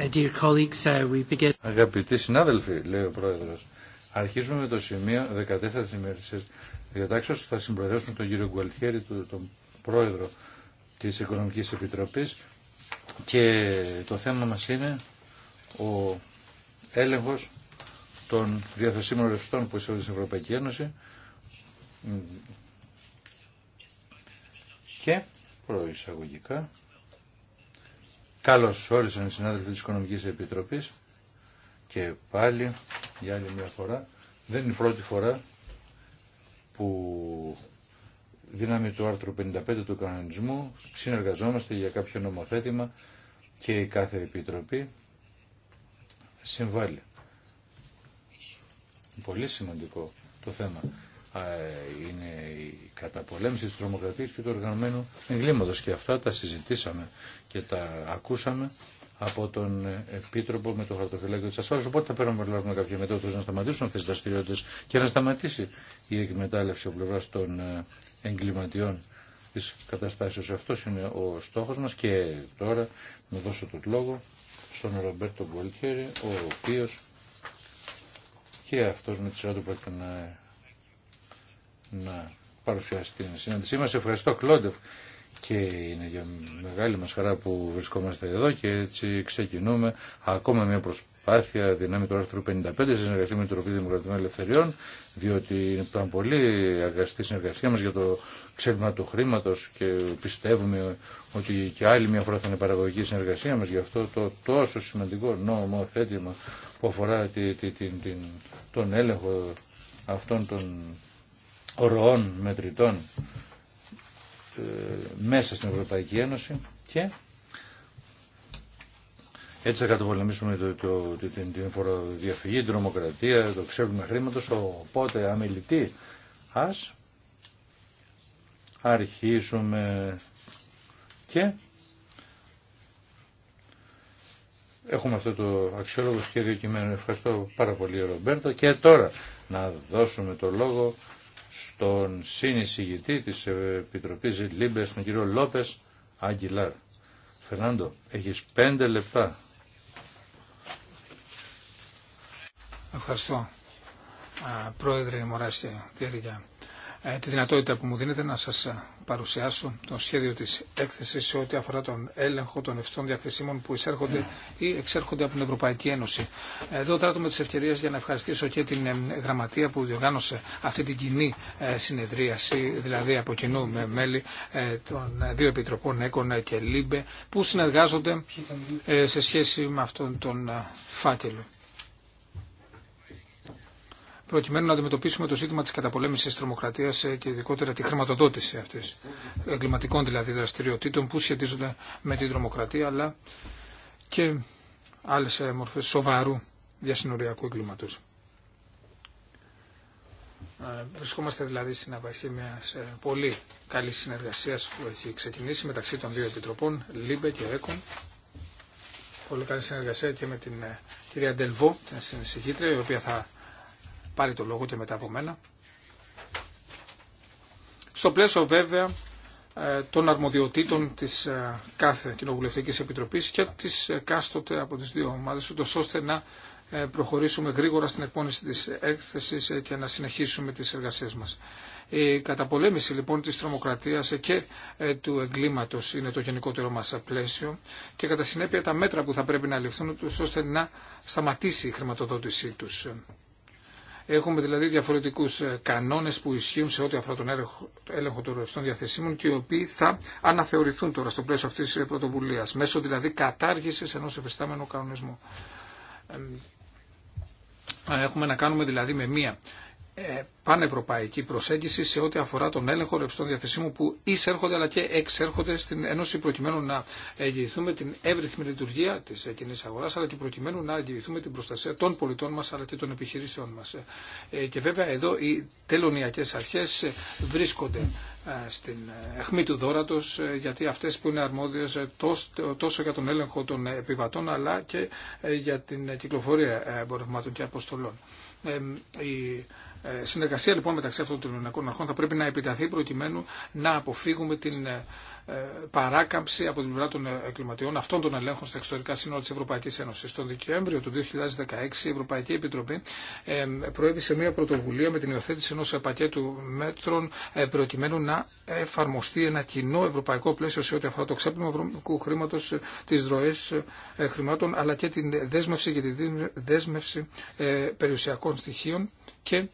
Uh, uh, Αγαπητοί συνάδελφοι, λέει ο Πρόεδρο. αρχίζουμε με το σημείο 14 της ημέρησης που Θα συμπροεδρεύσουμε τον κύριο Γκουαλτιέρη, τον Πρόεδρο της Οικονομικής Επιτροπής και το θέμα μας είναι ο έλεγχος των διαθεσίμων ρευστών που εισέρχονται στην Ευρωπαϊκή Ένωση και προεισαγωγικά Καλώ όρισαν οι συνάδελφοι της Οικονομικής Επιτροπής και πάλι για άλλη μια φορά. Δεν είναι η πρώτη φορά που δύναμη του άρθρου 55 του κανονισμού συνεργαζόμαστε για κάποιο νομοθέτημα και η κάθε επιτροπή συμβάλλει. Πολύ σημαντικό το θέμα είναι η καταπολέμηση της τρομοκρατίας και του οργανωμένου εγκλήματος και αυτά τα συζητήσαμε και τα ακούσαμε από τον Επίτροπο με το χαρτοφυλάκιο τη ασφάλεια. Οπότε θα παίρνουμε κάποια μετώπιση να σταματήσουν αυτέ τις δραστηριότητε και να σταματήσει η εκμετάλλευση από πλευρά των ε, εγκληματιών τη καταστάσεως. Αυτό είναι ο στόχος μας και τώρα να δώσω τον λόγο στον Ρομπέρτο Γκολτιέρη, ο οποίος και αυτός με τη σειρά του πρόκειται να να παρουσιάσει την συνάντησή μας. Ευχαριστώ Κλόντεφ και είναι για μεγάλη μας χαρά που βρισκόμαστε εδώ και έτσι ξεκινούμε ακόμα μια προσπάθεια δυνάμη του άρθρου 55 σε συνεργασία με την Ευρωπαϊκή Δημοκρατικών Ελευθεριών διότι ήταν πολύ αγαστή συνεργασία μας για το ξέλιμα του χρήματο και πιστεύουμε ότι και άλλη μια φορά θα είναι παραγωγική συνεργασία μας για αυτό το τόσο σημαντικό νομοθέτημα που αφορά τη, τη, τον έλεγχο αυτών των ροών μετρητών ε, μέσα στην Ευρωπαϊκή Ένωση και έτσι θα καταπολεμήσουμε το, το, την, την φοροδιαφυγή, την τρομοκρατία, το ξέρουμε χρήματος, οπότε αμελητή ας αρχίσουμε και έχουμε αυτό το αξιόλογο σχέδιο κειμένου. Ευχαριστώ πάρα πολύ Ρομπέρτο και τώρα να δώσουμε το λόγο στον συνεισηγητή της Επιτροπής Λίμπες, τον κύριο Λόπες Αγγιλάρ. Φερνάντο, έχεις πέντε λεπτά. Ευχαριστώ. Πρόεδρε Μωράστη, κύριε ε, τη δυνατότητα που μου δίνετε να σας ε, παρουσιάσω το σχέδιο της έκθεσης σε ό,τι αφορά τον έλεγχο των ευθών διαθεσίμων που εισέρχονται ή εξέρχονται από την Ευρωπαϊκή Ένωση. Εδώ τράτω με τις ευκαιρίες για να ευχαριστήσω και την ε, γραμματεία που διοργάνωσε αυτή την κοινή συνεδρίαση, δηλαδή από κοινού με μέλη των δύο επιτροπών έκονα και ΛΥΜΠΕ που συνεργάζονται σε σχέση με αυτόν τον φάκελο προκειμένου να αντιμετωπίσουμε το ζήτημα της καταπολέμησης τρομοκρατία ε, και ειδικότερα τη χρηματοδότηση αυτή εγκληματικών δηλαδή δραστηριοτήτων που σχετίζονται με την τρομοκρατία, αλλά και άλλε μορφέ σοβαρού διασυνοριακού εγκλήματο. Ε, βρισκόμαστε δηλαδή στην απαρχή μια ε, πολύ καλή συνεργασία που έχει ξεκινήσει μεταξύ των δύο επιτροπών, ΛΥΜΠΕ και ΕΚΟΝ. Πολύ καλή συνεργασία και με την κυρία Ντελβό, την συνεισηγήτρια, η οποία θα πάρει το λόγο και μετά από μένα. Στο πλαίσιο βέβαια ε, των αρμοδιοτήτων της ε, κάθε κοινοβουλευτική Επιτροπής και της ε, κάστοτε από τις δύο ομάδες, ούτως ώστε να προχωρήσουμε γρήγορα στην εκπόνηση της έκθεσης και να συνεχίσουμε τις εργασίες μας. Η καταπολέμηση λοιπόν της τρομοκρατίας και του εγκλήματος είναι το γενικότερο μας πλαίσιο και κατά συνέπεια τα μέτρα που θα πρέπει να ληφθούν ώστε να σταματήσει η χρηματοδότησή τους. Έχουμε δηλαδή διαφορετικούς ε, κανόνες που ισχύουν σε ό,τι αφορά τον έλεγχο, των ρευστών διαθεσίμων και οι οποίοι θα αναθεωρηθούν τώρα στο πλαίσιο αυτής της πρωτοβουλίας, μέσω δηλαδή κατάργησης ενός εφιστάμενου κανονισμού. Έχουμε να κάνουμε δηλαδή με μία ε, πανευρωπαϊκή προσέγγιση σε ό,τι αφορά τον έλεγχο ρευστών διαθεσίμων που εισέρχονται αλλά και εξέρχονται στην Ένωση προκειμένου να εγγυηθούμε την εύρυθμη λειτουργία τη ε, κοινή αγορά αλλά και προκειμένου να εγγυηθούμε την προστασία των πολιτών μα αλλά και των επιχειρήσεών μα. Ε, και βέβαια εδώ οι τελωνιακέ αρχέ βρίσκονται στην αιχμή του δόρατο γιατί αυτέ που είναι αρμόδιε τόσο για τον έλεγχο των επιβατών αλλά και για την κυκλοφορία εμπορευμάτων και αποστολών. Η ε, συνεργασία λοιπόν μεταξύ αυτών των ελληνικών αρχών θα πρέπει να επιταθεί προκειμένου να αποφύγουμε την ε, ε, παράκαμψη από την πλευρά των εγκληματιών αυτών των ελέγχων στα εξωτερικά σύνορα τη Ευρωπαϊκή Ένωση. Τον Δεκέμβριο του 2016 η Ευρωπαϊκή Επιτροπή προέβησε μια πρωτοβουλία με την υιοθέτηση ενό πακέτου μέτρων προκειμένου να εφαρμοστεί ένα κοινό ευρωπαϊκό πλαίσιο σε ό,τι αφορά το ξέπλυμα βρωμικού χρήματο, τι ροέ χρημάτων αλλά και την δέσμευση και τη δέσμευση περιουσιακών στοιχείων και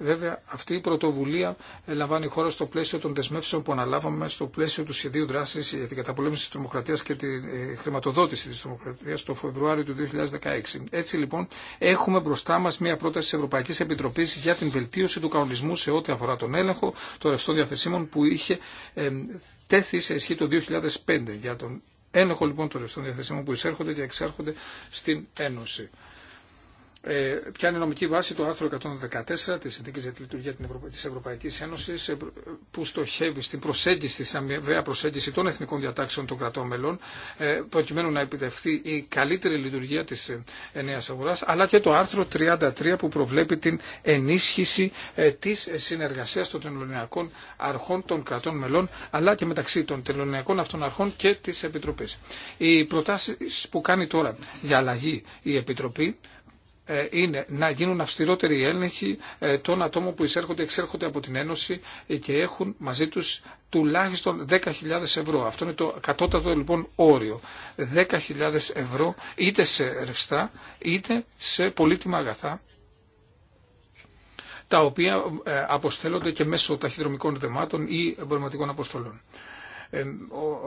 Βέβαια, αυτή η πρωτοβουλία ε, λαμβάνει η χώρα στο πλαίσιο των δεσμεύσεων που αναλάβαμε στο πλαίσιο του σχεδίου δράση για την καταπολέμηση τη τρομοκρατία και τη ε, χρηματοδότηση τη τρομοκρατία το Φεβρουάριο του 2016. Έτσι λοιπόν, έχουμε μπροστά μα μία πρόταση τη Ευρωπαϊκή Επιτροπή για την βελτίωση του κανονισμού σε ό,τι αφορά τον έλεγχο των ρευστών διαθεσίμων που είχε ε, τέθει σε ισχύ το 2005 για τον έλεγχο λοιπόν των ρευστών διαθεσίμων που εισέρχονται και εξέρχονται στην Ένωση. Ε, ποια είναι η νομική βάση του άρθρο 114 της Συνθήκης για τη Λειτουργία της Ευρωπαϊκής Ένωσης ε, ε, που στοχεύει στην προσέγγιση, στην αμοιβαία προσέγγιση των εθνικών διατάξεων των κρατών μελών προκειμένου να επιτευχθεί η καλύτερη λειτουργία της νέας αγοράς αλλά και το άρθρο 33 που προβλέπει την ενίσχυση της συνεργασίας των τελωνιακών αρχών των κρατών μελών αλλά και μεταξύ των τελωνιακών αυτών αρχών και της Επιτροπής. Οι προτάσεις που κάνει τώρα για αλλαγή η Επιτροπή ε, είναι να γίνουν αυστηρότεροι οι έλεγχοι ε, των ατόμων που εισέρχονται, εξέρχονται από την Ένωση ε, και έχουν μαζί τους τουλάχιστον 10.000 ευρώ. Αυτό είναι το κατώτατο λοιπόν όριο. 10.000 ευρώ είτε σε ρευστά είτε σε πολύτιμα αγαθά τα οποία αποστέλλονται και μέσω ταχυδρομικών δεμάτων ή εμπορευματικών αποστολών.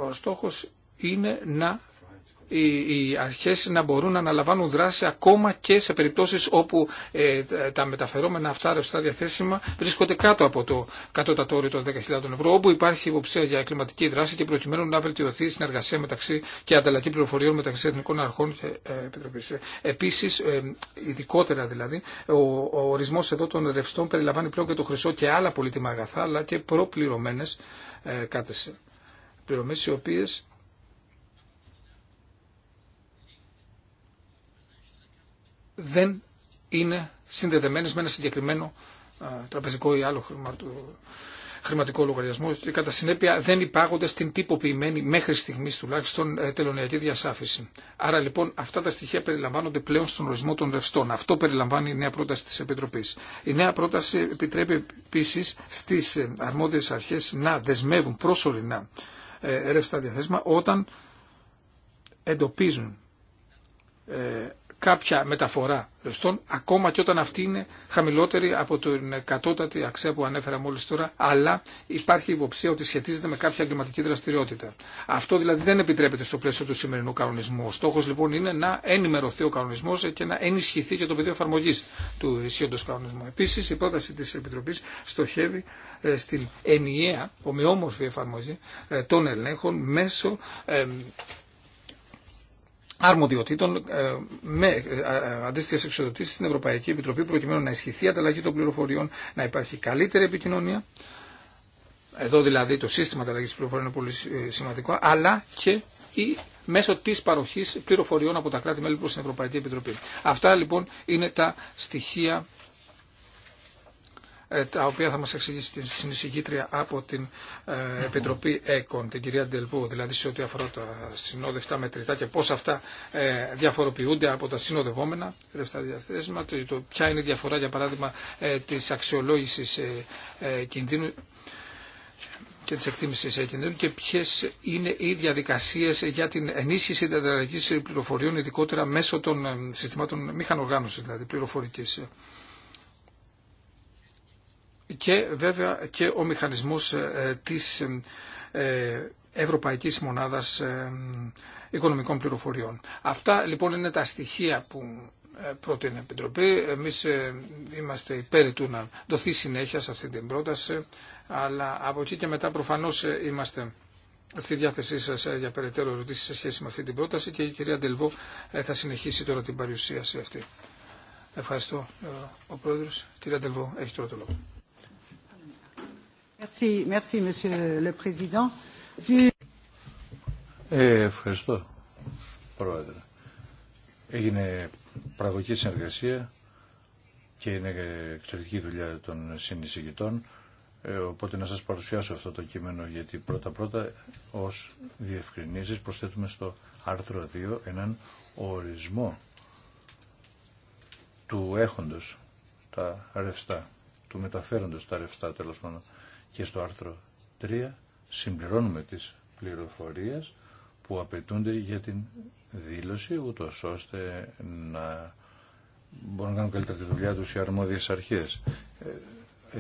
Ο στόχος είναι να οι αρχές να μπορούν να αναλαμβάνουν δράση ακόμα και σε περιπτώσεις όπου ε, τα μεταφερόμενα αυτά ρευστά διαθέσιμα βρίσκονται κάτω από το κατώτατο όριο των 10.000 ευρώ, όπου υπάρχει υποψία για κλιματική δράση και προκειμένου να βελτιωθεί η συνεργασία μεταξύ και ανταλλαγή πληροφοριών μεταξύ εθνικών αρχών και ε, επιτροπής. Ε, επίσης, ειδικότερα δηλαδή, ο ορισμός εδώ των ρευστών περιλαμβάνει πλέον και το χρυσό και άλλα πολύτιμα αγαθά, αλλά και προπληρωμένες κάτες πληρωμές, οι οποίες δεν είναι συνδεδεμένες με ένα συγκεκριμένο τραπεζικό ή άλλο χρηματικό λογαριασμό και κατά συνέπεια δεν υπάγονται στην τυποποιημένη μέχρι στιγμή τουλάχιστον ε, τελωνιακή διασάφηση. Άρα λοιπόν αυτά τα στοιχεία περιλαμβάνονται πλέον στον ορισμό των ρευστών. Αυτό περιλαμβάνει η νέα πρόταση τη Επιτροπή. Η νέα πρόταση επιτρέπει επίση στι ε, αρμόδιε αρχέ να δεσμεύουν προσωρινά ε, ρευστά διαθέσιμα όταν εντοπίζουν κάποια μεταφορά ρευστών, ακόμα και όταν αυτή είναι χαμηλότερη από την κατώτατη αξία που ανέφερα μόλι τώρα, αλλά υπάρχει υποψία ότι σχετίζεται με κάποια εγκληματική δραστηριότητα. Αυτό δηλαδή δεν επιτρέπεται στο πλαίσιο του σημερινού κανονισμού. Ο στόχος λοιπόν είναι να ενημερωθεί ο κανονισμό και να ενισχυθεί και το πεδίο εφαρμογή του ισχύοντο κανονισμού. Επίσης η πρόταση της Επιτροπής στοχεύει ε, στην ενιαία, ομοιόμορφη εφαρμογή ε, των ελέγχων μέσω ε, αρμοδιοτήτων ε, με ε, ε, αντίστοιχε εξοδοτήσει στην Ευρωπαϊκή Επιτροπή προκειμένου να ισχυθεί η ανταλλαγή των πληροφοριών, να υπάρχει καλύτερη επικοινωνία. Εδώ δηλαδή το σύστημα ανταλλαγή πληροφοριών είναι πολύ σημαντικό, αλλά και η μέσω της παροχής πληροφοριών από τα κράτη-μέλη προς την Ευρωπαϊκή Επιτροπή. Αυτά λοιπόν είναι τα στοιχεία ε, τα οποία θα μας εξηγήσει τη συνεισηγήτρια από την ε, Επιτροπή ΕΚΟΝ, την κυρία Ντελβού, δηλαδή σε ό,τι αφορά τα συνόδευτα μετρητά και πώς αυτά ε, διαφοροποιούνται από τα συνοδευόμενα ρευστά διαθέσιμα, το, ποια είναι η διαφορά για παράδειγμα της αξιολόγησης κινδύνου και τη εκτίμηση κινδύνου και ποιε είναι οι διαδικασίε για την ενίσχυση τη ανταλλαγή πληροφοριών, ειδικότερα μέσω των συστημάτων μηχανοργάνωση, δηλαδή πληροφορική και βέβαια και ο μηχανισμός ε, ε, της ε, Ευρωπαϊκής Μονάδας Οικονομικών Πληροφοριών. Αυτά λοιπόν είναι τα στοιχεία που πρότεινε η Επιτροπή. Εμείς είμαστε υπέρ του να δοθεί συνέχεια σε αυτή την πρόταση, αλλά από εκεί και μετά προφανώς είμαστε στη διάθεσή σας για περαιτέρω ερωτήσεις σε σχέση με αυτή την πρόταση και η κυρία Ντελβό θα συνεχίσει τώρα την παρουσίαση αυτή. Ευχαριστώ ο Πρόεδρος. Κυρία Ντελβό, έχει τώρα το λόγο. Ε, ευχαριστώ, Πρόεδρε. Έγινε πραγματική συνεργασία και είναι εξαιρετική δουλειά των συνεισηγητών. Ε, οπότε να σας παρουσιάσω αυτό το κείμενο γιατί πρώτα-πρώτα ως διευκρινήσεις προσθέτουμε στο άρθρο 2 έναν ορισμό του έχοντος τα ρευστά, του μεταφέροντος τα ρευστά τέλος πάντων και στο άρθρο 3 συμπληρώνουμε τις πληροφορίες που απαιτούνται για την δήλωση ούτω ώστε να μπορούν να κάνουν καλύτερα τη δουλειά τους οι αρμόδιες αρχές. Ε,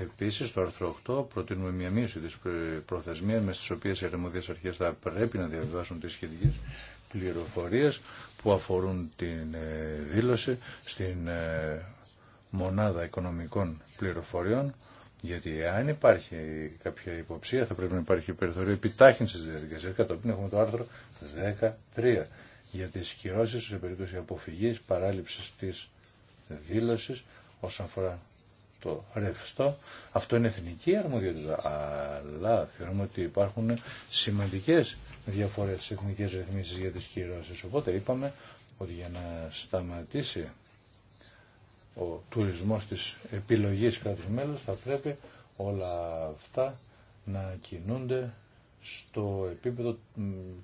επίσης, στο άρθρο 8 προτείνουμε μια μείωση της προθεσμίας με στις οποίες οι αρμόδιες αρχές θα πρέπει να διαβιβάσουν τις σχετικές πληροφορίες που αφορούν την ε, δήλωση στην ε, μονάδα οικονομικών πληροφοριών γιατί αν υπάρχει κάποια υποψία θα πρέπει να υπάρχει περιθώριο επιτάχυνση τη διαδικασία. Κατόπιν έχουμε το άρθρο 13 για τι κυρώσει σε περίπτωση αποφυγή, παράληψη τη δήλωση όσον αφορά το ρευστό. Αυτό είναι εθνική αρμοδιότητα. Αλλά θεωρούμε ότι υπάρχουν σημαντικέ διαφορέ στι εθνικέ ρυθμίσει για τι κυρώσει. Οπότε είπαμε ότι για να σταματήσει ο τουρισμός της επιλογής κράτους μέλους θα πρέπει όλα αυτά να κινούνται στο επίπεδο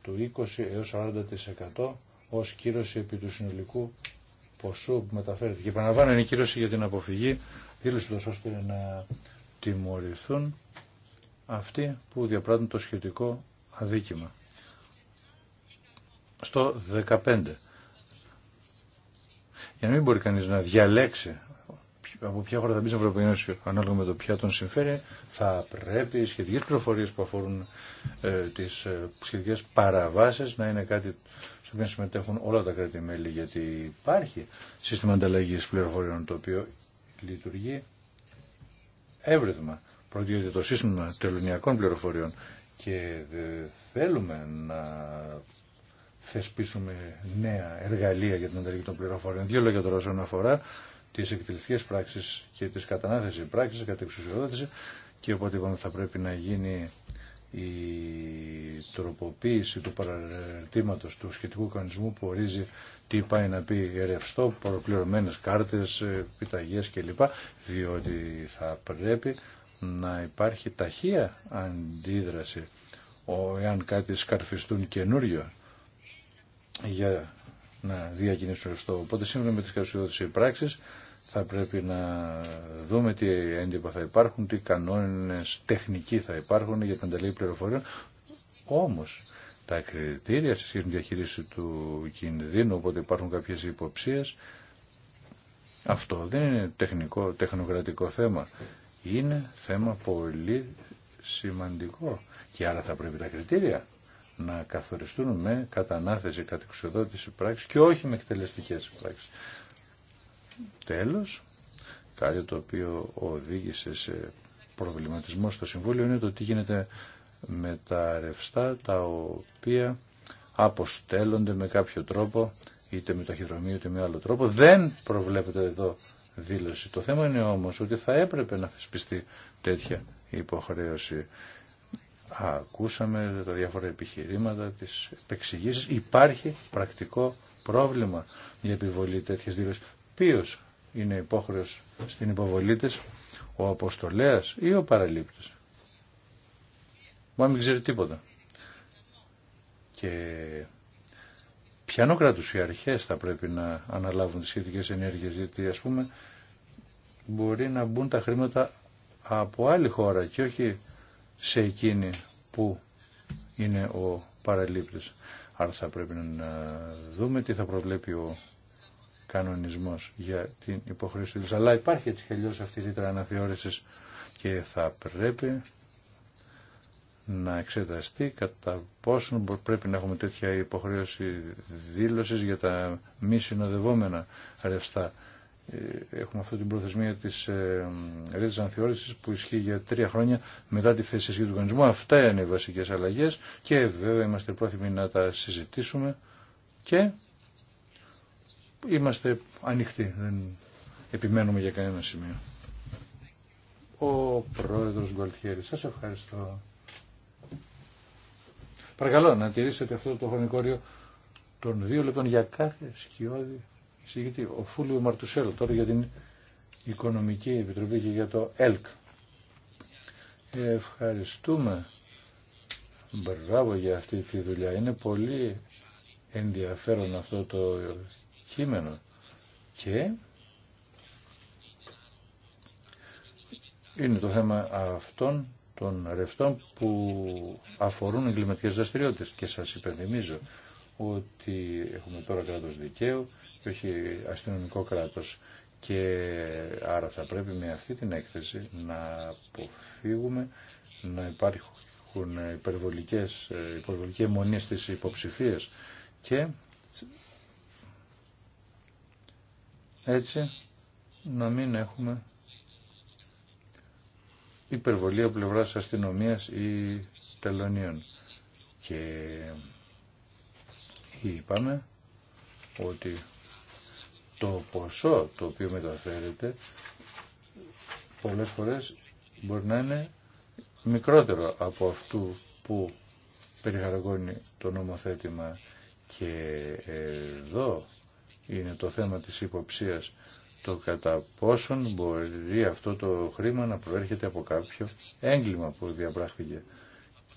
του 20 έως 40% ως κύρωση επί του συνολικού ποσού που μεταφέρεται. Και επαναλαμβάνω είναι η κύρωση για την αποφυγή δήλωση τόσο ώστε να τιμωρηθούν αυτοί που διαπράττουν το σχετικό αδίκημα. Στο 15 για να μην μπορεί κανεί να διαλέξει από ποια χώρα θα μπει στην Ευρωπαϊκή Ένωση ανάλογα με το ποια τον συμφέρει, θα πρέπει οι σχετικέ πληροφορίε που αφορούν ε, τι ε, παραβάσει να είναι κάτι στο οποίο συμμετέχουν όλα τα κράτη-μέλη. Γιατί υπάρχει σύστημα ανταλλαγή πληροφοριών το οποίο λειτουργεί εύρυθμα. Πρώτον το σύστημα τελωνιακών πληροφοριών και θέλουμε να θεσπίσουμε νέα εργαλεία για την ανταλλαγή των πληροφοριών. Δύο λόγια τώρα όσον αφορά τι εκτελεστικέ πράξει και τι κατανάθεση πράξει κατά εξουσιοδότηση και οπότε είπαμε θα πρέπει να γίνει η τροποποίηση του παραρτήματος του σχετικού κανονισμού που ορίζει τι πάει να πει ρευστό, προπληρωμένες κάρτες, επιταγέ κλπ. Διότι θα πρέπει να υπάρχει ταχεία αντίδραση εάν κάτι σκαρφιστούν καινούριο για να διακινήσουν αυτό. Οπότε σύμφωνα με τις κατασκευότητες πράξεις θα πρέπει να δούμε τι έντυπα θα υπάρχουν, τι κανόνες τεχνικοί θα υπάρχουν για την ανταλλαγή πληροφοριών. Όμως τα κριτήρια σε σχέση με διαχείριση του κινδύνου, οπότε υπάρχουν κάποιες υποψίες. Αυτό δεν είναι τεχνικό, τεχνοκρατικό θέμα. Είναι θέμα πολύ σημαντικό και άρα θα πρέπει τα κριτήρια να καθοριστούν με κατανάθεση κατεξοδότηση πράξη και όχι με εκτελεστικές πράξεις. Τέλος, κάτι το οποίο οδήγησε σε προβληματισμό στο Συμβούλιο είναι το τι γίνεται με τα ρευστά τα οποία αποστέλλονται με κάποιο τρόπο είτε με ταχυδρομείο είτε με άλλο τρόπο. Δεν προβλέπεται εδώ δήλωση. Το θέμα είναι όμως ότι θα έπρεπε να θεσπιστεί τέτοια υποχρέωση ακούσαμε τα διάφορα επιχειρήματα, τις επεξηγήσεις. Υπάρχει πρακτικό πρόβλημα για επιβολή τέτοιες δήλωσης. Ποιος είναι υπόχρεος στην υποβολή της, ο αποστολέας ή ο παραλήπτης. Μα μην ξέρει τίποτα. Και ποιανό κράτους οι αρχές θα πρέπει να αναλάβουν τις σχετικές ενέργειες, γιατί ας πούμε μπορεί να μπουν τα χρήματα από άλλη χώρα και όχι σε εκείνη πού είναι ο παραλήπτης. Άρα θα πρέπει να δούμε τι θα προβλέπει ο κανονισμός για την υποχρέωση του. Αλλά υπάρχει έτσι και αυτή η ρήτρα και θα πρέπει να εξεταστεί κατά πόσον πρέπει να έχουμε τέτοια υποχρέωση δήλωσης για τα μη συνοδευόμενα ρευστά ε, έχουμε αυτή την προθεσμία της ε, ρέτης ανθεώρησης που ισχύει για τρία χρόνια μετά τη θέση του κανονισμού. Αυτά είναι οι βασικέ αλλαγέ και βέβαια είμαστε πρόθυμοι να τα συζητήσουμε και είμαστε ανοιχτοί, δεν επιμένουμε για κανένα σημείο. Ο πρόεδρος Γκολτιέρη, σας ευχαριστώ. Παρακαλώ να τηρήσετε αυτό το χρονικό των δύο λεπτών για κάθε σκιώδη εισηγητή, ο Φούλιο Μαρτουσέλο, τώρα για την Οικονομική Επιτροπή και για το ΕΛΚ. Ευχαριστούμε. Μπράβο για αυτή τη δουλειά. Είναι πολύ ενδιαφέρον αυτό το κείμενο. Και είναι το θέμα αυτών των ρευτών που αφορούν εγκληματικές δραστηριότητες. Και σας υπενθυμίζω ότι έχουμε τώρα κράτος δικαίου, όχι αστυνομικό κράτος. Και άρα θα πρέπει με αυτή την έκθεση να αποφύγουμε να υπάρχουν υπερβολικές, υπερβολικές μονίες στις υποψηφίες και έτσι να μην έχουμε υπερβολή από πλευράς αστυνομίας ή τελωνίων. Και είπαμε ότι το ποσό το οποίο μεταφέρεται πολλές φορές μπορεί να είναι μικρότερο από αυτού που περιχαραγώνει το νομοθέτημα και εδώ είναι το θέμα της υποψίας το κατά πόσον μπορεί αυτό το χρήμα να προέρχεται από κάποιο έγκλημα που διαπράχθηκε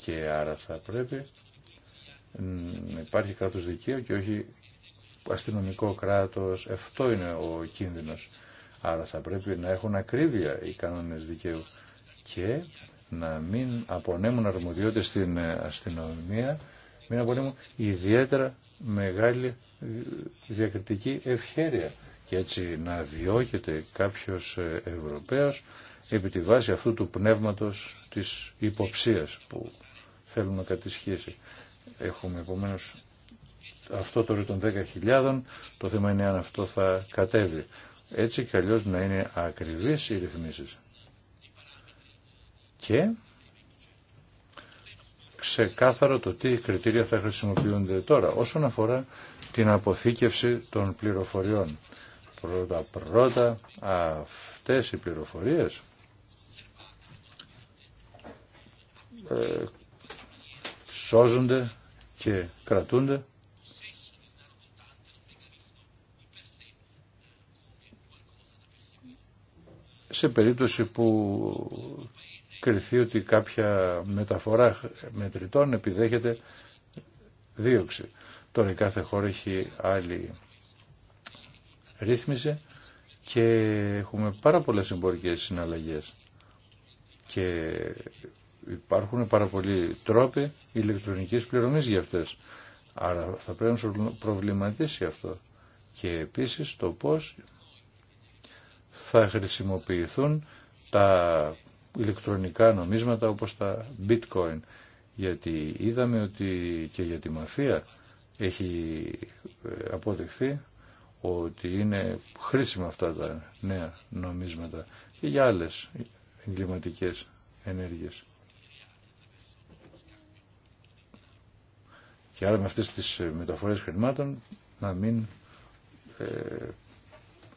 και άρα θα πρέπει να υπάρχει κράτος δικαίου και όχι αστυνομικό κράτος. Αυτό είναι ο κίνδυνος. Άρα θα πρέπει να έχουν ακρίβεια οι κανόνες δικαίου και να μην απονέμουν αρμοδιότητες στην αστυνομία, μην απονέμουν ιδιαίτερα μεγάλη διακριτική ευχέρεια και έτσι να διώκεται κάποιος Ευρωπαίος επί τη βάση αυτού του πνεύματος της υποψίας που θέλουμε να κατησχύσει. Έχουμε επομένως αυτό το όριο 10.000, το θέμα είναι αν αυτό θα κατέβει. Έτσι κι αλλιώς να είναι ακριβείς οι ρυθμίσεις. Και ξεκάθαρο το τι κριτήρια θα χρησιμοποιούνται τώρα όσον αφορά την αποθήκευση των πληροφοριών. Πρώτα πρώτα αυτές οι πληροφορίες ε, σώζονται και κρατούνται σε περίπτωση που κριθεί ότι κάποια μεταφορά μετρητών επιδέχεται δίωξη. Τώρα η κάθε χώρα έχει άλλη ρύθμιση και έχουμε πάρα πολλές εμπορικές συναλλαγές και υπάρχουν πάρα πολλοί τρόποι ηλεκτρονικής πληρωμής για αυτές. Άρα θα πρέπει να προβληματίσει αυτό και επίσης το πώς θα χρησιμοποιηθούν τα ηλεκτρονικά νομίσματα όπως τα bitcoin. Γιατί είδαμε ότι και για τη μαφία έχει ε, αποδειχθεί ότι είναι χρήσιμα αυτά τα νέα νομίσματα και για άλλες εγκληματικές ενέργειες. Και άρα με αυτές τις ε, μεταφορές χρημάτων να μην ε,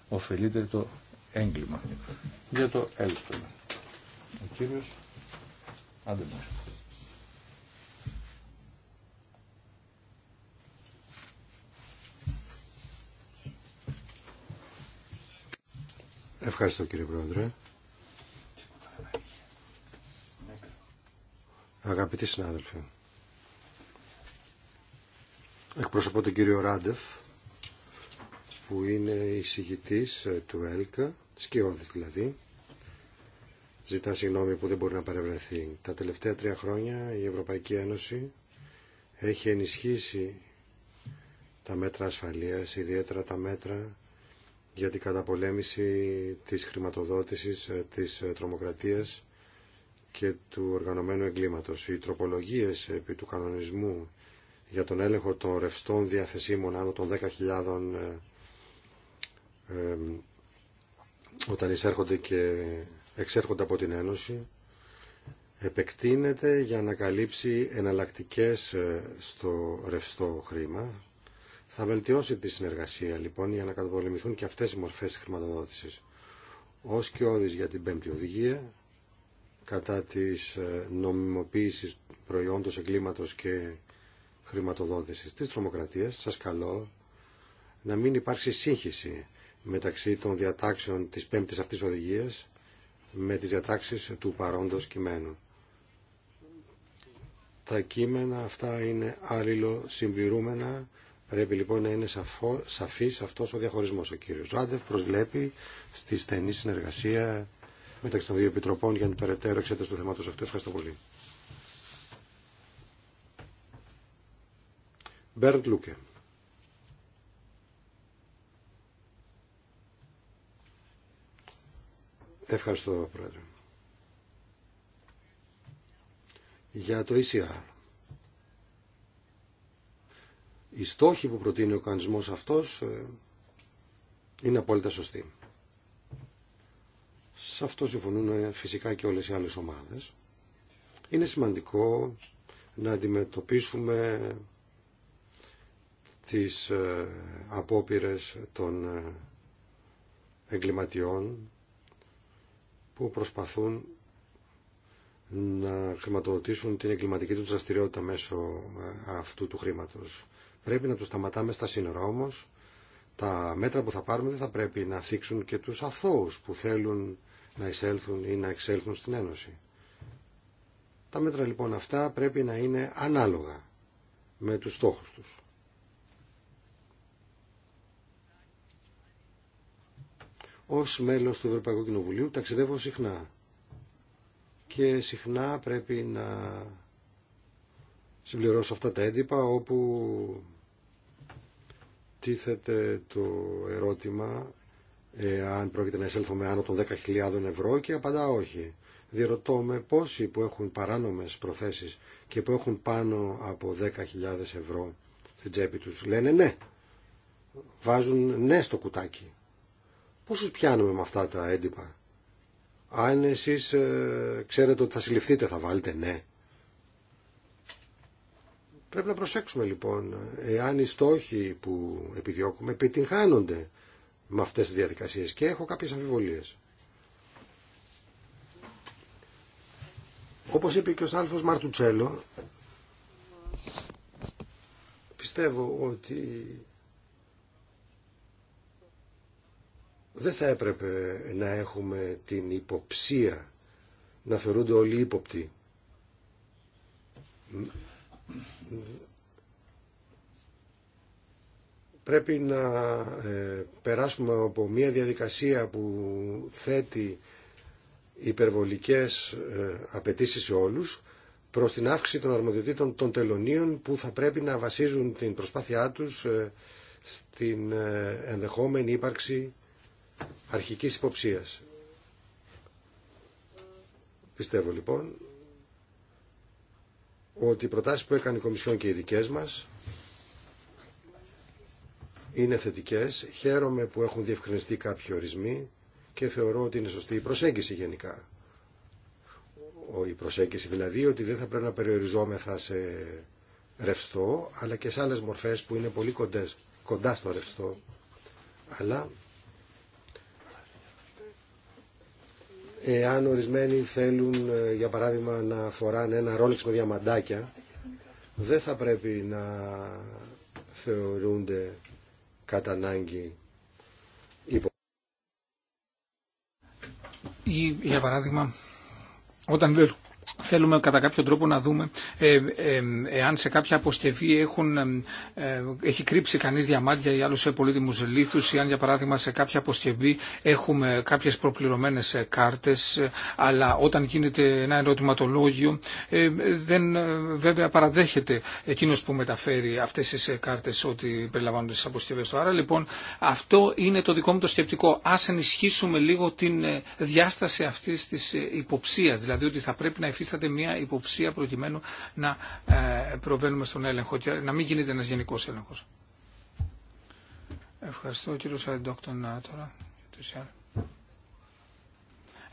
ωφελείται το έγκλημα. Για το έλστον. Ο κύριος Άντεμος. Ευχαριστώ κύριε Πρόεδρε. Αγαπητοί συνάδελφοι, εκπροσωπώ τον κύριο Ράντεφ που είναι εισηγητής ε, του ΕΛΚΑ σκιώδης δηλαδή, ζητά συγγνώμη που δεν μπορεί να παρευρεθεί. Τα τελευταία τρία χρόνια η Ευρωπαϊκή Ένωση έχει ενισχύσει τα μέτρα ασφαλείας, ιδιαίτερα τα μέτρα για την καταπολέμηση της χρηματοδότησης ε, της ε, τρομοκρατίας και του οργανωμένου εγκλήματος. Οι τροπολογίες ε, επί του κανονισμού για τον έλεγχο των ρευστών διαθεσίμων άνω των 10.000 όταν εισέρχονται και εξέρχονται από την Ένωση επεκτείνεται για να καλύψει εναλλακτικές ε, στο ρευστό χρήμα. Θα βελτιώσει τη συνεργασία λοιπόν για να καταπολεμηθούν και αυτές οι μορφές χρηματοδότησης. Ως και όδης για την πέμπτη οδηγία κατά της ε, νομιμοποίησης προϊόντος εγκλήματος και χρηματοδότησης της τρομοκρατίας σας καλώ να μην υπάρξει σύγχυση μεταξύ των διατάξεων της πέμπτης αυτής οδηγίας με τις διατάξεις του παρόντος κειμένου. Τα κείμενα αυτά είναι συμπληρούμενα. πρέπει λοιπόν να είναι σαφής αυτός ο διαχωρισμός. Ο κύριος Ράντεφ προσβλέπει στη στενή συνεργασία μεταξύ των δύο επιτροπών για την περαιτέρω εξέταση του θέματος αυτού. Ευχαριστώ πολύ. Ευχαριστώ, Πρόεδρε. Για το ECR. Οι στόχοι που προτείνει ο κανισμός αυτός ε, είναι απόλυτα σωστοί. Σε αυτό συμφωνούν ε, φυσικά και όλες οι άλλες ομάδες. Είναι σημαντικό να αντιμετωπίσουμε τις ε, απόπειρες των εγκληματιών που προσπαθούν να χρηματοδοτήσουν την εγκληματική του δραστηριότητα μέσω ε, αυτού του χρήματος. Πρέπει να τους σταματάμε στα σύνορα όμως. Τα μέτρα που θα πάρουμε δεν θα πρέπει να θίξουν και τους αθώους που θέλουν να εισέλθουν ή να εξέλθουν στην Ένωση. Τα μέτρα λοιπόν αυτά πρέπει να είναι ανάλογα με τους στόχους τους. Ως μέλος του Ευρωπαϊκού Κοινοβουλίου ταξιδεύω συχνά και συχνά πρέπει να συμπληρώσω αυτά τα έντυπα όπου τίθεται το ερώτημα αν πρόκειται να εισέλθω με άνω των 10.000 ευρώ και απαντά όχι. Διερωτώ με πόσοι που έχουν παράνομες προθέσεις και που έχουν πάνω από 10.000 ευρώ στην τσέπη τους λένε ναι. Βάζουν ναι στο κουτάκι. Πώς πιάνουμε με αυτά τα έντυπα. Αν εσείς ε, ξέρετε ότι θα συλληφθείτε θα βάλετε ναι. Πρέπει να προσέξουμε λοιπόν εάν οι στόχοι που επιδιώκουμε επιτυγχάνονται με αυτές τις διαδικασίες και έχω κάποιες αμφιβολίες. Όπως είπε και ο Σάλφος Μαρτουτσέλο, πιστεύω ότι δεν θα έπρεπε να έχουμε την υποψία να θεωρούνται όλοι ύποπτοι. Πρέπει να ε, περάσουμε από μια διαδικασία που θέτει υπερβολικές ε, απαιτήσει σε όλους προς την αύξηση των αρμοδιοτήτων των τελωνίων που θα πρέπει να βασίζουν την προσπάθειά τους ε, στην ε, ενδεχόμενη ύπαρξη αρχικής υποψίας. Πιστεύω λοιπόν ότι οι προτάσεις που έκανε η Κομισιόν και οι δικές μας είναι θετικές. Χαίρομαι που έχουν διευκρινιστεί κάποιοι ορισμοί και θεωρώ ότι είναι σωστή η προσέγγιση γενικά. Η προσέγγιση δηλαδή ότι δεν θα πρέπει να περιοριζόμεθα σε ρευστό αλλά και σε άλλες μορφές που είναι πολύ κοντά στο ρευστό αλλά εάν ορισμένοι θέλουν, ε, για παράδειγμα, να φοράνε ένα ρόλεξ με διαμαντάκια, δεν θα πρέπει να θεωρούνται κατά ανάγκη υπο... Ή, για παράδειγμα, όταν Θέλουμε κατά κάποιο τρόπο να δούμε ε, ε, εάν σε κάποια αποσκευή έχουν, ε, έχει κρύψει κανείς διαμάντια ή άλλους πολύτιμους λίθους ή αν για παράδειγμα σε κάποια αποσκευή έχουμε κάποιες προπληρωμένες κάρτες αλλά όταν γίνεται ένα ερωτηματολόγιο δεν βέβαια παραδέχεται εκείνος που μεταφέρει αυτές τις κάρτες ότι περιλαμβάνονται στις αποσκευές του. Άρα λοιπόν αυτό είναι το δικό μου το σκεπτικό. Ας ενισχύσουμε λίγο την διάσταση αυτής της υποψίας δηλαδή ότι θα πρέπει να υφίσταται μια υποψία προκειμένου να ε, προβαίνουμε στον έλεγχο και να μην γίνεται ένας γενικός έλεγχος. Ευχαριστώ κύριο Σαντόκτον τώρα.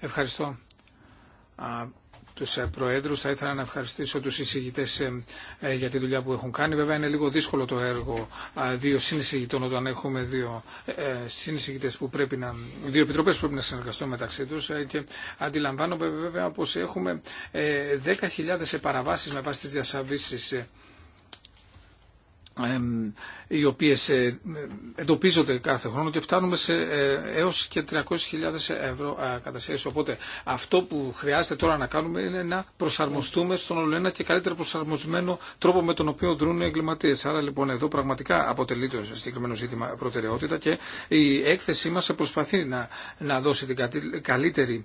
Ευχαριστώ τους ε, προέδρου. Θα ήθελα να ευχαριστήσω τους εισηγητές ε, ε, για τη δουλειά που έχουν κάνει. Βέβαια είναι λίγο δύσκολο το έργο δύο συνεισηγητών όταν έχουμε δύο συνεισηγητές που πρέπει να, δύο επιτροπές που πρέπει να συνεργαστούν μεταξύ τους και αντιλαμβάνομαι βέβαια πως έχουμε 10.000 παραβάσεις με βάση τις διασαβήσεις οι οποίες ε, εντοπίζονται κάθε χρόνο και φτάνουμε σε ε, έως και 300.000 ευρώ ε, κατασχέσεις. Οπότε αυτό που χρειάζεται τώρα να κάνουμε είναι να προσαρμοστούμε στον ολοένα και καλύτερα προσαρμοσμένο τρόπο με τον οποίο δρούν οι εγκληματίες. Άρα λοιπόν εδώ πραγματικά αποτελεί το συγκεκριμένο ζήτημα προτεραιότητα και η έκθεσή μας προσπαθεί να, να δώσει την καλύτερη,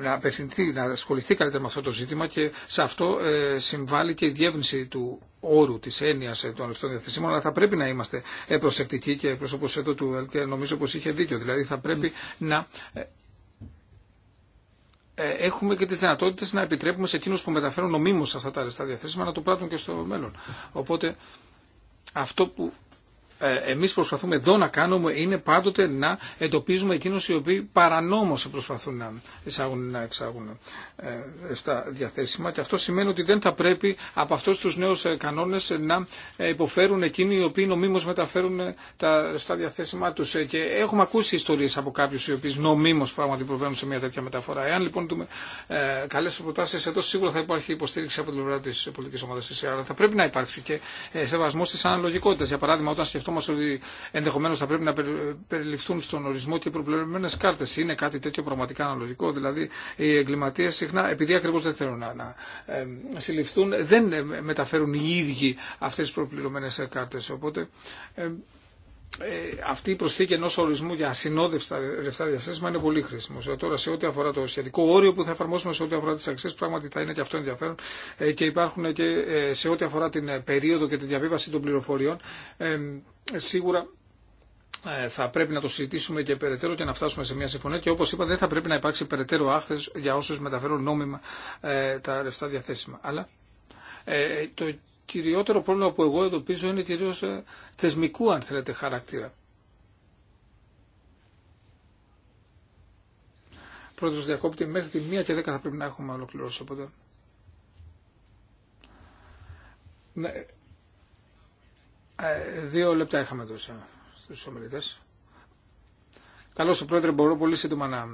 να απευθυνθεί, να ασχοληθεί καλύτερα με αυτό το ζήτημα και σε αυτό συμβάλλει και η διεύνηση του όρου της έννοια των διαθεσίμων, αλλά θα πρέπει να είμαστε ε, προσεκτικοί και πρόσωπο εδώ του ΕΛΚΕ νομίζω πως είχε δίκιο. Δηλαδή θα πρέπει να ε, ε, έχουμε και τι δυνατότητε να επιτρέπουμε σε εκείνου που μεταφέρουν νομίμω αυτά τα αριστά διαθέσιμα να το πράττουν και στο μέλλον. Οπότε αυτό που ε, εμείς προσπαθούμε εδώ να κάνουμε είναι πάντοτε να εντοπίζουμε εκείνους οι οποίοι παρανόμως προσπαθούν να να εξάγουν ε, στα διαθέσιμα και αυτό σημαίνει ότι δεν θα πρέπει από αυτούς τους νέους ε, κανόνες να υποφέρουν εκείνοι οι οποίοι νομίμως μεταφέρουν τα, στα διαθέσιμά τους και έχουμε ακούσει ιστορίες από κάποιους οι οποίοι νομίμως πράγματι προβαίνουν σε μια τέτοια μεταφορά. Εάν λοιπόν δούμε ε, καλές προτάσεις εδώ σίγουρα θα υπάρχει υποστήριξη από την πλευρά της πολιτικής ομάδας αλλά θα πρέπει να υπάρξει και σεβασμός στις αναλογικότητες. Για παράδειγμα όταν εαυτό μα ότι ενδεχομένω θα πρέπει να περιληφθούν στον ορισμό και προπληρωμένε κάρτε. Είναι κάτι τέτοιο πραγματικά αναλογικό. Δηλαδή οι εγκληματίε συχνά, επειδή ακριβώ δεν θέλουν να, να συλληφθούν, δεν μεταφέρουν οι ίδιοι αυτέ τι προπληρωμένε κάρτε. Οπότε ε, αυτή η προσθήκη ενό ορισμού για ασυνόδευστα λεφτά διαθέσιμα είναι πολύ χρήσιμο. Ε, τώρα, σε ό,τι αφορά το σχετικό όριο που θα εφαρμόσουμε σε ό,τι αφορά τι αξίε, πράγματι θα είναι και αυτό ενδιαφέρον ε, και υπάρχουν και σε ό,τι αφορά την περίοδο και τη διαβίβαση των πληροφοριών. Σίγουρα θα πρέπει να το συζητήσουμε και περαιτέρω και να φτάσουμε σε μια συμφωνία και όπως είπα δεν θα πρέπει να υπάρξει περαιτέρω άφθες για όσους μεταφέρουν νόμιμα τα λεφτά διαθέσιμα. Αλλά το κυριότερο πρόβλημα που εγώ εντοπίζω είναι κυρίως ε, θεσμικού αν θέλετε χαρακτήρα. Πρώτος διακόπτη μέχρι τη 1 και 10 θα πρέπει να έχουμε ολοκληρώσει οπότε. Ναι. Ε, δύο λεπτά είχαμε τοσα στους ομιλητές. Καλώς ο πρόεδρε μπορώ πολύ σύντομα να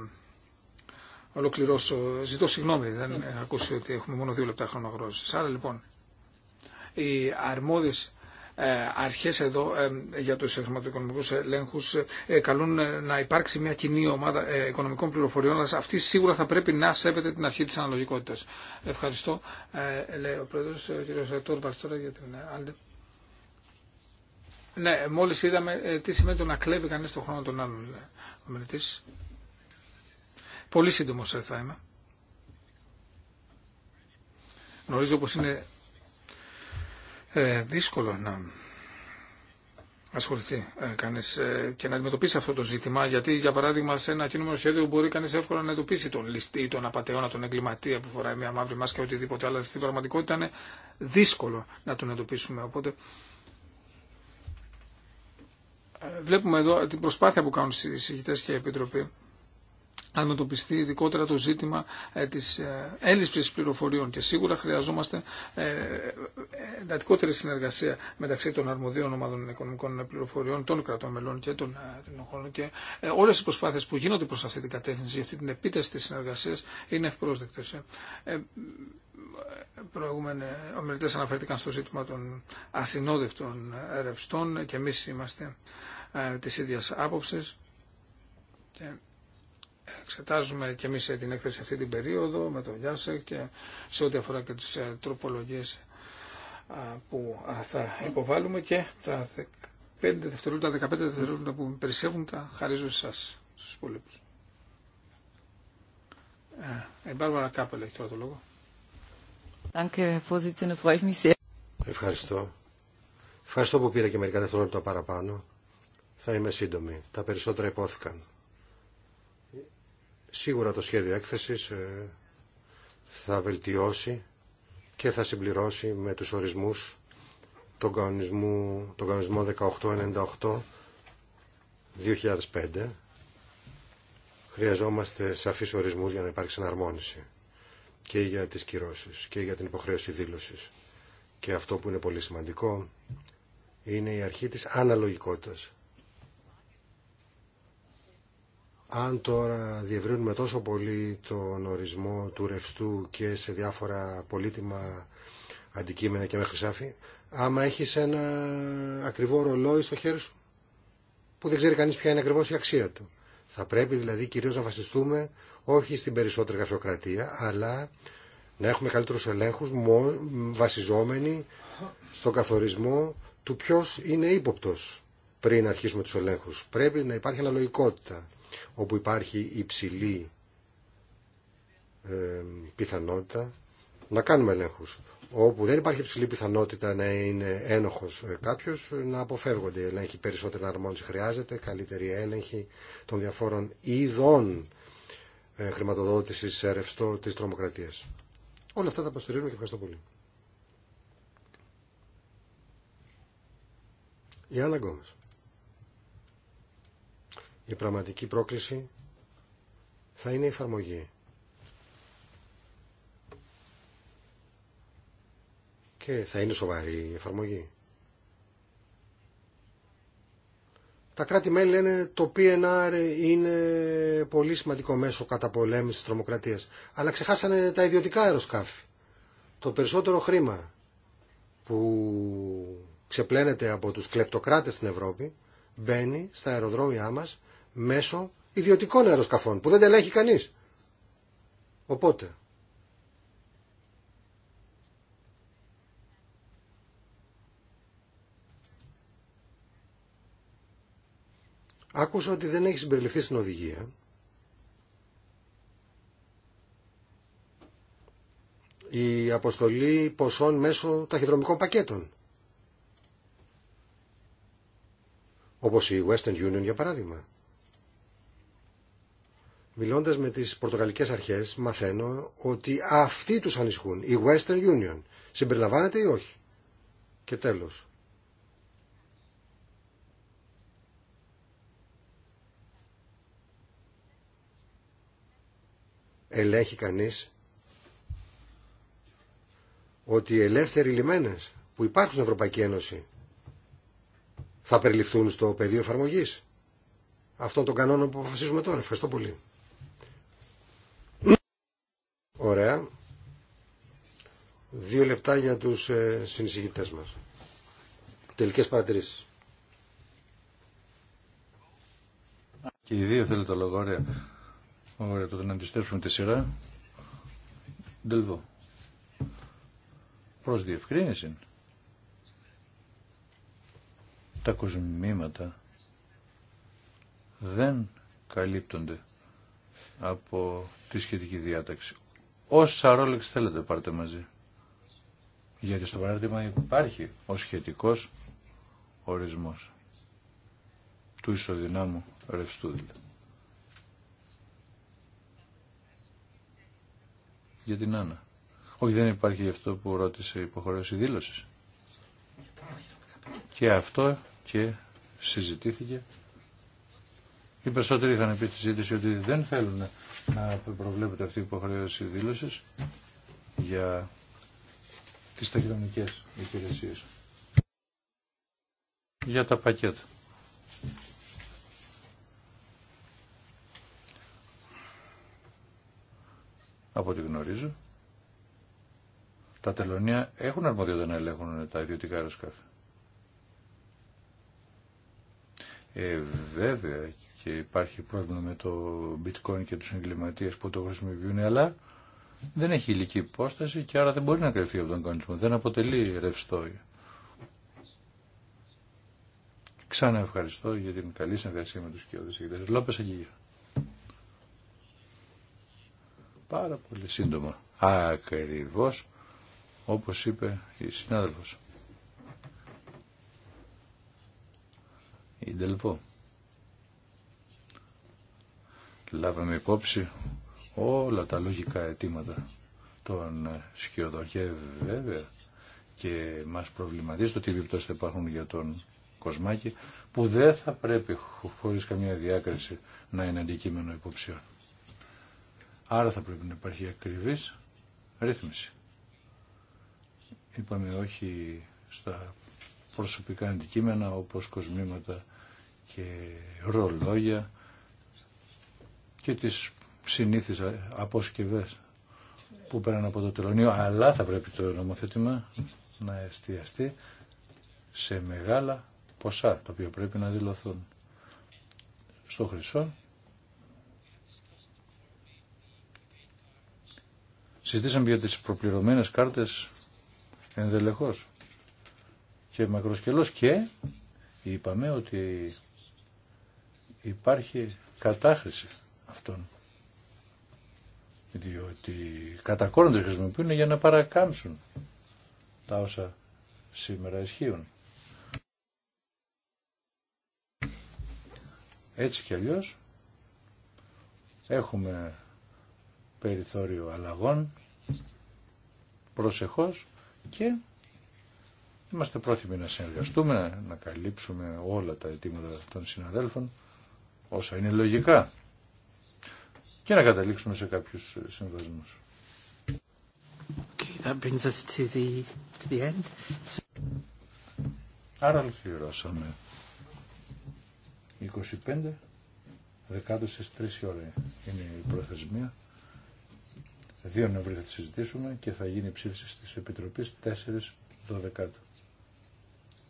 ολοκληρώσω. Ζητώ συγγνώμη, δεν ακούσει ότι έχουμε μόνο δύο λεπτά χρόνο Άρα λοιπόν, οι αρμόδιες ε, αρχές εδώ ε, για τους χρηματοοικονομικούς ελέγχους ε, καλούν να υπάρξει μια κοινή ομάδα οικονομικών πληροφοριών, αλλά αυτή σίγουρα θα πρέπει να σέβεται την αρχή της αναλογικότητας. Ευχαριστώ, λέει ο Πρόεδρος, ο κ. Αρτόρ τώρα για την Άλντε. Ναι, μόλις είδαμε τι σημαίνει το να κλέβει κανείς τον χρόνο των άλλων. Ο μελητής. Πολύ σύντομος θα είμαι. Γνωρίζω πως είναι ε, δύσκολο να ασχοληθεί ε, κανεί ε, και να αντιμετωπίσει αυτό το ζήτημα. Γιατί, για παράδειγμα, σε ένα κινούμενο σχέδιο μπορεί κανεί εύκολα να εντοπίσει τον ληστή, τον απαταιώνα, τον εγκληματία που φοράει μια μαύρη μάσκα οτιδήποτε. άλλο στην πραγματικότητα είναι δύσκολο να τον εντοπίσουμε. Οπότε βλέπουμε εδώ την προσπάθεια που κάνουν οι συγητέ και οι Επίτροπη αντιμετωπιστεί ειδικότερα το ζήτημα ε, της ε, έλλειψης πληροφοριών και σίγουρα χρειαζόμαστε ε, εντατικότερη συνεργασία μεταξύ των αρμοδίων ομάδων οικονομικών πληροφοριών των κρατών μελών και των χωρών και όλες οι προσπάθειες που γίνονται προς αυτή την κατεύθυνση για αυτή την επίτευξη της συνεργασίας είναι ευπρόσδεκτες. Προηγούμενοι ομιλητές αναφέρθηκαν στο ζήτημα των ασυνόδευτων ρευστών και εμεί είμαστε τη ίδιας άποψη εξετάζουμε και εμείς ε, την έκθεση αυτή την περίοδο με τον Γιάσερ και σε ό,τι αφορά και τις ε, τροπολογίες που θα υποβάλουμε και τα 15 δευτερόλεπτα, 15 δευτερόλεπτα που περισσεύουν τα χαρίζω σε εσάς, στους υπόλοιπους. Η ε, Μπάρβαρα Κάπελ έχει τώρα το λόγο. Ευχαριστώ. Ευχαριστώ που πήρα και μερικά δευτερόλεπτα παραπάνω. Θα είμαι σύντομη. Τα περισσότερα υπόθηκαν. Σίγουρα το σχέδιο έκθεσης ε, θα βελτιώσει και θα συμπληρώσει με τους ορισμούς τον κανονισμό, τον κανονισμό 1898-2005. Χρειαζόμαστε σαφείς ορισμούς για να υπάρξει εναρμόνιση και για τις κυρώσεις και για την υποχρέωση δήλωσης. Και αυτό που είναι πολύ σημαντικό είναι η αρχή της αναλογικότητας. Αν τώρα διευρύνουμε τόσο πολύ τον ορισμό του ρευστού και σε διάφορα πολύτιμα αντικείμενα και μέχρι χρυσάφι, άμα έχεις ένα ακριβό ρολόι στο χέρι σου, που δεν ξέρει κανείς ποια είναι ακριβώς η αξία του. Θα πρέπει δηλαδή κυρίως να βασιστούμε όχι στην περισσότερη γραφειοκρατία, αλλά να έχουμε καλύτερους ελέγχους βασιζόμενοι στον καθορισμό του ποιος είναι ύποπτος πριν αρχίσουμε τους ελέγχους. Πρέπει να υπάρχει αναλογικότητα όπου υπάρχει υψηλή πιθανότητα να κάνουμε ελέγχους. Όπου δεν υπάρχει υψηλή πιθανότητα να είναι ένοχος ε, κάποιος, να αποφεύγονται οι ελέγχοι. Περισσότερη αρμόνιση χρειάζεται, καλύτερη έλεγχη των διαφόρων ειδών ε, χρηματοδότησης ρευστό της τρομοκρατίας. Όλα αυτά θα υποστηρίζουμε και ευχαριστώ πολύ. Η Άννα Γκόμες. Η πραγματική πρόκληση θα είναι η εφαρμογή. Και θα είναι σοβαρή η εφαρμογή. Τα κράτη-μέλη λένε το PNR είναι πολύ σημαντικό μέσο κατά καταπολέμησης της τρομοκρατίας. Αλλά ξεχάσανε τα ιδιωτικά αεροσκάφη. Το περισσότερο χρήμα που ξεπλένεται από τους κλεπτοκράτες στην Ευρώπη μπαίνει στα αεροδρόμια μας μέσω ιδιωτικών αεροσκαφών που δεν τα ελέγχει κανείς. Οπότε, άκουσα ότι δεν έχει συμπεριληφθεί στην οδηγία η αποστολή ποσών μέσω ταχυδρομικών πακέτων. Όπως η Western Union για παράδειγμα. Μιλώντας με τις πορτογαλικές αρχές μαθαίνω ότι αυτοί τους ανισχούν, η Western Union. Συμπεριλαμβάνεται ή όχι. Και τέλος. Ελέγχει κανείς ότι οι ελεύθεροι λιμένες που υπάρχουν στην Ευρωπαϊκή Ένωση θα περιληφθούν στο πεδίο εφαρμογής αυτών τον κανόνα που αποφασίζουμε τώρα. Ευχαριστώ πολύ. Ωραία. Δύο λεπτά για τους ε, μας. Τελικές παρατηρήσεις. Και οι δύο θέλετε το λόγο, ωραία. Ωραία, τότε να αντιστρέψουμε τη σειρά. Ντελβό. Προς διευκρίνηση. Τα κοσμήματα δεν καλύπτονται από τη σχετική διάταξη όσα ρόλεξ θέλετε πάρτε μαζί. Γιατί στο παράδειγμα υπάρχει ο σχετικός ορισμός του ισοδυνάμου ρευστού Για την Άννα. Όχι δεν υπάρχει γι' αυτό που ρώτησε η υποχρέωση δήλωση. Και αυτό και συζητήθηκε. Οι περισσότεροι είχαν πει στη ζήτηση ότι δεν θέλουν να προβλέπετε αυτή η υποχρέωση δήλωση για τις ταχυδρομικές υπηρεσίες. Για τα πακέτα. Από ό,τι γνωρίζω, τα τελωνία έχουν αρμοδιότητα να ελέγχουν τα ιδιωτικά αεροσκάφη. Ε, βέβαια και υπάρχει πρόβλημα με το bitcoin και τους εγκληματίες που το χρησιμοποιούν, αλλά δεν έχει υλική υπόσταση και άρα δεν μπορεί να κρυφτεί από τον κανονισμό. Δεν αποτελεί ρευστό. Ξανά ευχαριστώ για την καλή συνεργασία με τους κοιόδες Λόπες Αγγίγια. Πάρα πολύ σύντομα. Ακριβώς όπως είπε η συνάδελφος. Η Ντελβό λάβαμε υπόψη όλα τα λογικά αιτήματα των σκιοδοχέ βέβαια και μας προβληματίζει το τι επιπτώσεις θα υπάρχουν για τον Κοσμάκη που δεν θα πρέπει χωρίς καμία διάκριση να είναι αντικείμενο υποψιών. Άρα θα πρέπει να υπάρχει ακριβής ρύθμιση. Είπαμε όχι στα προσωπικά αντικείμενα όπως κοσμήματα και ρολόγια και τις συνήθεις αποσκευές που πέραν από το τελωνίο, αλλά θα πρέπει το νομοθέτημα να εστιαστεί σε μεγάλα ποσά, τα οποία πρέπει να δηλωθούν στο χρυσό. Συζητήσαμε για τις προπληρωμένες κάρτες ενδελεχώς και μακροσκελώς και είπαμε ότι υπάρχει κατάχρηση αυτών. Διότι κατά κόρον χρησιμοποιούν για να παρακάμψουν τα όσα σήμερα ισχύουν. Έτσι κι αλλιώς έχουμε περιθώριο αλλαγών προσεχώς και είμαστε πρόθυμοι να συνεργαστούμε, να καλύψουμε όλα τα αιτήματα των συναδέλφων όσα είναι λογικά και να καταλήξουμε σε κάποιους συμβασμούς. Άρα ολοκληρώσαμε. 25 δεκάτος στις 3 ώρα είναι η προθεσμία. Δύο Νοεμβρίου θα τη συζητήσουμε και θα γίνει η ψήφιση της Επιτροπής 4 δωδεκάτου.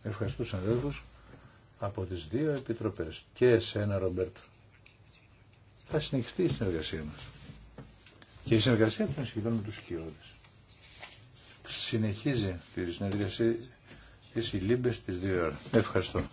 Ευχαριστώ τους από τις δύο επιτροπές και εσένα Ρομπέρτο θα συνεχιστεί η συνεργασία μας. Και η συνεργασία των σχεδόν με τους σκιώδες. Συνεχίζει τη συνεργασία της η στι 2 ώρα. Ευχαριστώ.